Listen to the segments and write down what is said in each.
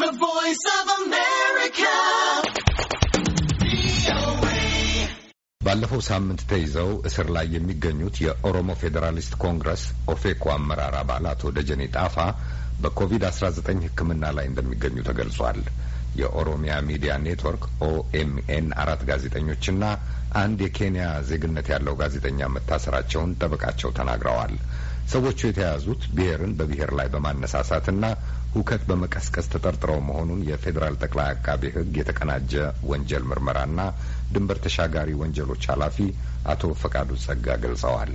The Voice of America. ባለፈው ሳምንት ተይዘው እስር ላይ የሚገኙት የኦሮሞ ፌዴራሊስት ኮንግረስ ኦፌኮ አመራር አባል አቶ ደጀኔ ጣፋ በኮቪድ-19 ሕክምና ላይ እንደሚገኙ ተገልጿል። የኦሮሚያ ሚዲያ ኔትወርክ ኦኤምኤን አራት ጋዜጠኞችና አንድ የኬንያ ዜግነት ያለው ጋዜጠኛ መታሰራቸውን ጠበቃቸው ተናግረዋል። ሰዎቹ የተያዙት ብሔርን በብሔር ላይ በማነሳሳትና ሁከት በመቀስቀስ ተጠርጥረው መሆኑን የፌዴራል ጠቅላይ አቃቤ ሕግ የተቀናጀ ወንጀል ምርመራና ድንበር ተሻጋሪ ወንጀሎች ኃላፊ አቶ ፈቃዱ ጸጋ ገልጸዋል።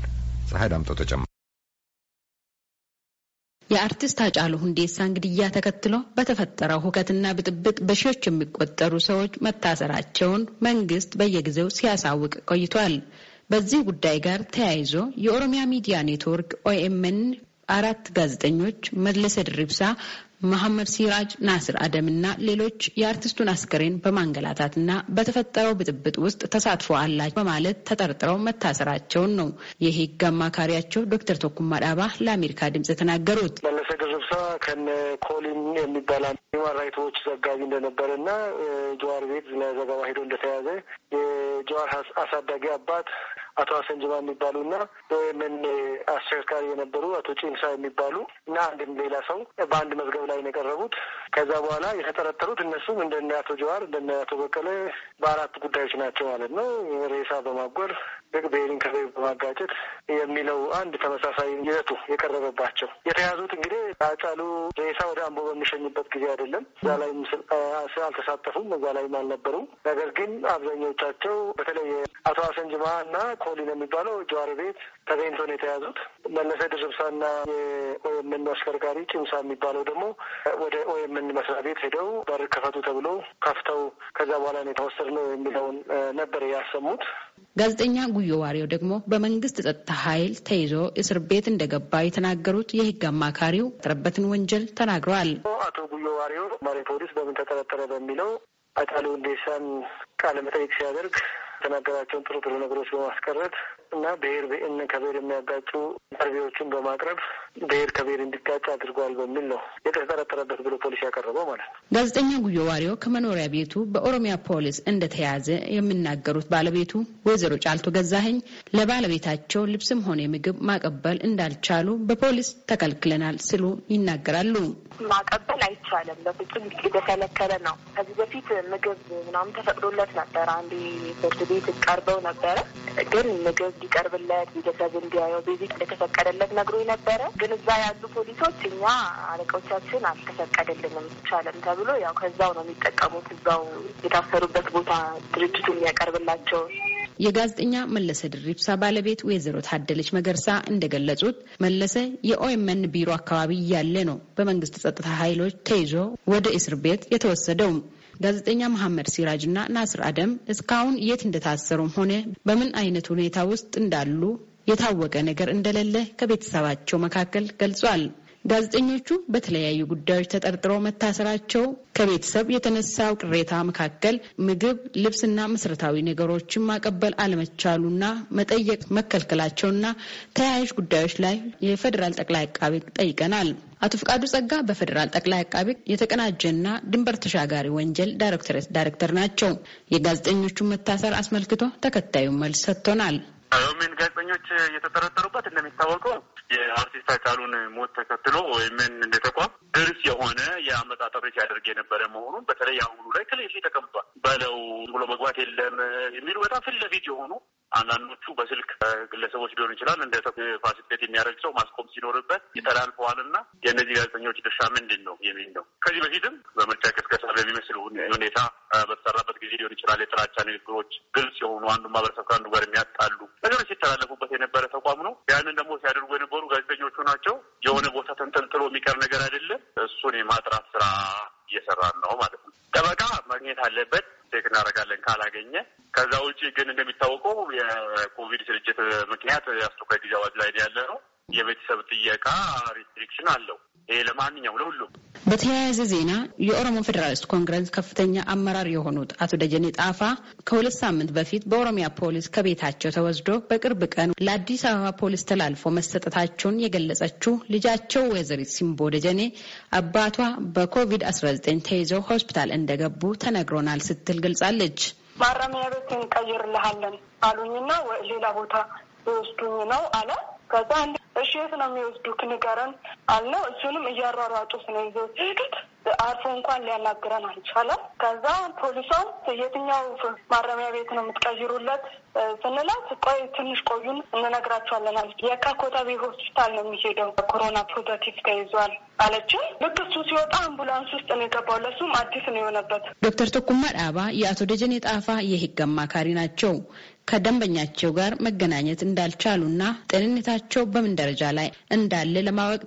ፀሐይ ዳምጦ ተጨማ የአርቲስት አጫሉ ሁንዴሳ እንግድያ ተከትሎ በተፈጠረው ሁከትና ብጥብጥ በሺዎች የሚቆጠሩ ሰዎች መታሰራቸውን መንግስት በየጊዜው ሲያሳውቅ ቆይቷል። በዚህ ጉዳይ ጋር ተያይዞ የኦሮሚያ ሚዲያ ኔትወርክ ኦኤምን አራት ጋዜጠኞች መለሰ ድርብሳ፣ መሐመድ ሲራጅ፣ ናስር አደም እና ሌሎች የአርቲስቱን በማንገላታት በማንገላታትና በተፈጠረው ብጥብጥ ውስጥ ተሳትፎ አላቸው በማለት ተጠርጥረው መታሰራቸውን ነው የህግ አማካሪያቸው ዶክተር ቶኩማ ዳባ ለአሜሪካ ድምጽ የተናገሩት። መለሰ ድርብሳ ከነ ኮሊን የሚባል ሂውማን ዘጋቢ እንደነበረ እና ጀዋር ቤት ዘገባ ሄዶ እንደተያዘ የጀዋር አሳዳጊ አባት አቶ ሀሰን ጅማ የሚባሉ እና በወይምን አስቸርካሪ የነበሩ አቶ ጪንሳ የሚባሉ እና አንድም ሌላ ሰው በአንድ መዝገብ ላይ ነው የቀረቡት። ከዛ በኋላ የተጠረጠሩት እነሱም እንደነ አቶ ጀዋር እንደነ አቶ በቀለ በአራት ጉዳዮች ናቸው ማለት ነው። ሬሳ በማጎር ብሔርን ከብሔር በማጋጨት የሚለው አንድ ተመሳሳይ ይዘቱ የቀረበባቸው የተያዙት እንግዲህ አጫሉ ሬሳ ወደ አምቦ በሚሸኝበት ጊዜ አይደለም። እዛ ምስል አልተሳተፉም፣ እዛ ላይም አልነበሩም። ነገር ግን አብዛኞቻቸው በተለይ አቶ አሰንጅማ እና ኮሊን የሚባለው ጀዋሪ ቤት ተገኝቶ ነው የተያዙት። መለሰ ድርብሳና የኦኤምን አስከርካሪ ጭምሳ የሚባለው ደግሞ ወደ ኦኤምን መስሪያ ቤት ሄደው በር ከፈቱ ተብሎ ከፍተው ከዛ በኋላ ነው የተወሰድነው የሚለውን ነበር ያሰሙት። ጋዜጠኛ ጉዮ ዋሪው ደግሞ በመንግስት ጸጥታ ኃይል ተይዞ እስር ቤት እንደገባ የተናገሩት የህግ አማካሪው የተረበትን ወንጀል ተናግረዋል። አቶ ጉዮ ዋሪው ማሪ ፖሊስ በምን ተጠረጠረ በሚለው አጣሉ እንዴሳን ቃለ መጠይቅ ሲያደርግ የተናገራቸውን ጥሩ ጥሩ ነገሮች በማስቀረት እና ብሔር ብሔርን ከብሔር የሚያጋጩ ኢንተርቪዎችን በማቅረብ ብሔር ከብሔር እንዲጋጭ አድርጓል በሚል ነው የተጠረጠረበት ብሎ ፖሊስ ያቀረበው ማለት ነው። ጋዜጠኛ ጉዮ ዋሪዮ ከመኖሪያ ቤቱ በኦሮሚያ ፖሊስ እንደተያዘ የሚናገሩት ባለቤቱ ወይዘሮ ጫልቶ ገዛኸኝ ለባለቤታቸው ልብስም ሆነ ምግብ ማቀበል እንዳልቻሉ በፖሊስ ተከልክለናል ስሉ ይናገራሉ። ማቀበል አይቻልም፣ በፍጹም የተከለከለ ነው። ከዚህ በፊት ምግብ ምናምን ተፈቅዶለት ነበር። አንዴ ፍርድ ቤት ቀርበው ነበረ ግን ምግብ ሊቀርብለት ቤተሰብ እንዲያየው ቤዚክ እንደተፈቀደለት ነግሮ ነበረ። ግን እዛ ያሉ ፖሊሶች እኛ አለቃዎቻችን አልተፈቀደልንም ቻለም ተብሎ ያው ከዛው ነው የሚጠቀሙት እዛው የታሰሩበት ቦታ ድርጅቱ የሚያቀርብላቸው የጋዜጠኛ መለሰ ድሪብሳ ባለቤት ወይዘሮ ታደለች መገርሳ እንደገለጹት መለሰ የኦኤምኤን ቢሮ አካባቢ እያለ ነው በመንግስት ጸጥታ ኃይሎች ተይዞ ወደ እስር ቤት የተወሰደውም። ጋዜጠኛ መሐመድ ሲራጅ እና ናስር አደም እስካሁን የት እንደታሰሩም ሆነ በምን አይነት ሁኔታ ውስጥ እንዳሉ የታወቀ ነገር እንደሌለ ከቤተሰባቸው መካከል ገልጿል። ጋዜጠኞቹ በተለያዩ ጉዳዮች ተጠርጥረው መታሰራቸው ከቤተሰብ የተነሳው ቅሬታ መካከል ምግብ፣ ልብስና መሰረታዊ ነገሮችን ማቀበል አለመቻሉና መጠየቅ መከልከላቸውና ተያያዥ ጉዳዮች ላይ የፌዴራል ጠቅላይ አቃቤ ጠይቀናል። አቶ ፍቃዱ ጸጋ በፌዴራል ጠቅላይ አቃቤ የተቀናጀና ድንበር ተሻጋሪ ወንጀል ዳይሬክቶሬት ዳይሬክተር ናቸው። የጋዜጠኞቹን መታሰር አስመልክቶ ተከታዩን መልስ ሰጥቶናል። ምን ጋዜጠኞች የተጠረጠሩበት እንደሚታወቀው የአርቲስት አካሉን ሞት ተከትሎ ወይምን እንደ ተቋም ድርስ የሆነ የአመጣጠሮች ያደርግ የነበረ መሆኑን በተለይ አሁኑ ላይ ቴሌቪዥን ተቀምጧል። በለው ብሎ መግባት የለም የሚሉ በጣም ፊት ለፊት የሆኑ አንዳንዶቹ በስልክ ግለሰቦች ሊሆን ይችላል እንደ ፋሲሊቴት የሚያደርግ ሰው ማስቆም ሲኖርበት የተላልፈዋል እና የእነዚህ ጋዜጠኞች ድርሻ ምንድን ነው የሚል ነው። ከዚህ በፊትም በምርጫ ቅስቀሳ በሚመስል ሁኔታ በተሰራበት ጊዜ ሊሆን ይችላል የጥላቻ ንግግሮች ግልጽ የሆኑ አንዱ ማህበረሰብ ከአንዱ ጋር የሚያጣሉ ነገሮች ሲተላለፉበት የነበረ ተቋም ነው። ያንን ደግሞ ሲያደርጉ የሆነ ቦታ ተንጠልጥሎ የሚቀር ነገር አይደለም። እሱን የማጥራት ስራ እየሰራን ነው ማለት ነው። ጠበቃ ማግኘት አለበት። ቼክ እናደርጋለን ካላገኘ። ከዛ ውጭ ግን እንደሚታወቀው የኮቪድ ስርጭት ምክንያት የአስቸኳይ ጊዜ አዋጅ ላይ ያለ ነው። የቤተሰብ ጥየቃ ሪስትሪክሽን አለው። ይሄ ለማንኛውም ለሁሉም። በተያያዘ ዜና የኦሮሞ ፌዴራሊስት ኮንግረስ ከፍተኛ አመራር የሆኑት አቶ ደጀኔ ጣፋ ከሁለት ሳምንት በፊት በኦሮሚያ ፖሊስ ከቤታቸው ተወስዶ በቅርብ ቀን ለአዲስ አበባ ፖሊስ ተላልፎ መሰጠታቸውን የገለጸችው ልጃቸው ወይዘሪት ሲምቦ ደጀኔ አባቷ በኮቪድ-19 ተይዘው ሆስፒታል እንደገቡ ተነግሮናል ስትል ገልጻለች። ማረሚያ ቤት እንቀይርልሃለን አሉኝና ሌላ ቦታ ይወስዱኝ ነው አለ ከዛ እሺ የት ነው የሚወስዱክ ንገረን አልነው። እሱንም እያሯሯጡት ነው ይዘው ሲሄዱት አርፎ እንኳን ሊያናግረን አልቻለም። ከዛ ፖሊሷን የትኛው ማረሚያ ቤት ነው የምትቀይሩለት ስንላት ቆይ ትንሽ ቆዩን እንነግራቸዋለን አለች። የካ ኮተቤ ሆስፒታል ነው የሚሄደው ኮሮና ፖዘቲቭ ተይዟል አለችም። ልክ እሱ ሲወጣ አምቡላንስ ውስጥ ነው የገባው። ለሱም አዲስ ነው የሆነበት። ዶክተር ቶኩማ ዳባ የአቶ ደጀኔ ጣፋ የህግ አማካሪ ናቸው። ከደንበኛቸው ጋር መገናኘት እንዳልቻሉና ጤንነታቸው በምን ደረጃ ላይ እንዳለ ለማወቅ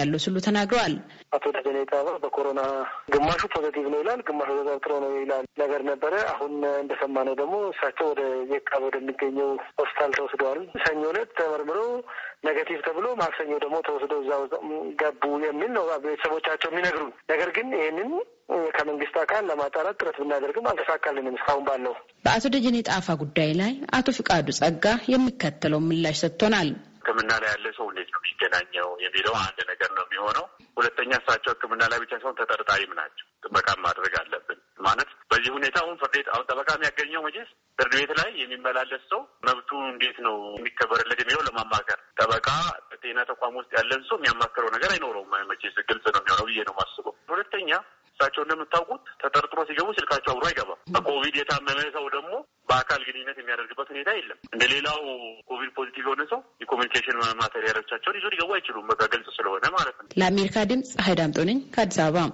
ያለው ስሉ ተናግረዋል። አቶ ደጀኔ ጣባ በኮሮና ግማሹ ፖዘቲቭ ነው ይላል፣ ግማሹ ተጠርጥሮ ነው ይላል ነገር ነበረ። አሁን እንደሰማነው ደግሞ እሳቸው ወደ የካ ወደሚገኘው ሆስፒታል ተወስደዋል። ሰኞ ዕለት ተመርምሮ ነገቲቭ ተብሎ ማክሰኞ ደግሞ ተወስዶ እዛ ገቡ የሚል ነው ቤተሰቦቻቸው የሚነግሩን። ነገር ግን ይህንን ከመንግስት አካል ለማጣራት ጥረት ብናደርግም አልተሳካልንም እስካሁን ባለው። በአቶ ደጀኔ ጣፋ ጉዳይ ላይ አቶ ፍቃዱ ጸጋ የሚከተለው ምላሽ ሰጥቶናል። ሕክምና ላይ ያለ ሰው እንዴት ነው የሚገናኘው የሚለው አንድ ነገር ነው የሚሆነው። ሁለተኛ እሳቸው ሕክምና ላይ ብቻ ሳይሆን ተጠርጣሪም ናቸው። ጥበቃም ማድረግ አለብን ማለት በዚህ ሁኔታ አሁን ፍርድ ቤት አሁን ጠበቃ የሚያገኘው መቼስ ፍርድ ቤት ላይ የሚመላለስ ሰው መብቱ እንዴት ነው የሚከበርለት የሚለው ለማማከር ጠበቃ ጤና ተቋም ውስጥ ያለን ሰው የሚያማክረው ነገር አይኖረውም። መቼስ ግልጽ ነው የሚሆነው ብዬ ነው የማስበው። ሁለተኛ እሳቸው እንደምታውቁት ተጠርጥሮ ሲገቡ ስልካቸው አብሮ አይገባም። በኮቪድ የታመመ ሰው ደግሞ በአካል ግንኙነት የሚያደርግበት ሁኔታ የለም። እንደ ሌላው ኮቪድ ፖዚቲቭ የሆነ ሰው ኮሚኒኬሽን ማቴሪያሎቻቸውን ይዞ ሊገቡ አይችሉም። በቃ ግልጽ ስለሆነ ማለት ነው። ለአሜሪካ ድምጽ ሀይድ አምጦ ነኝ ከአዲስ አበባ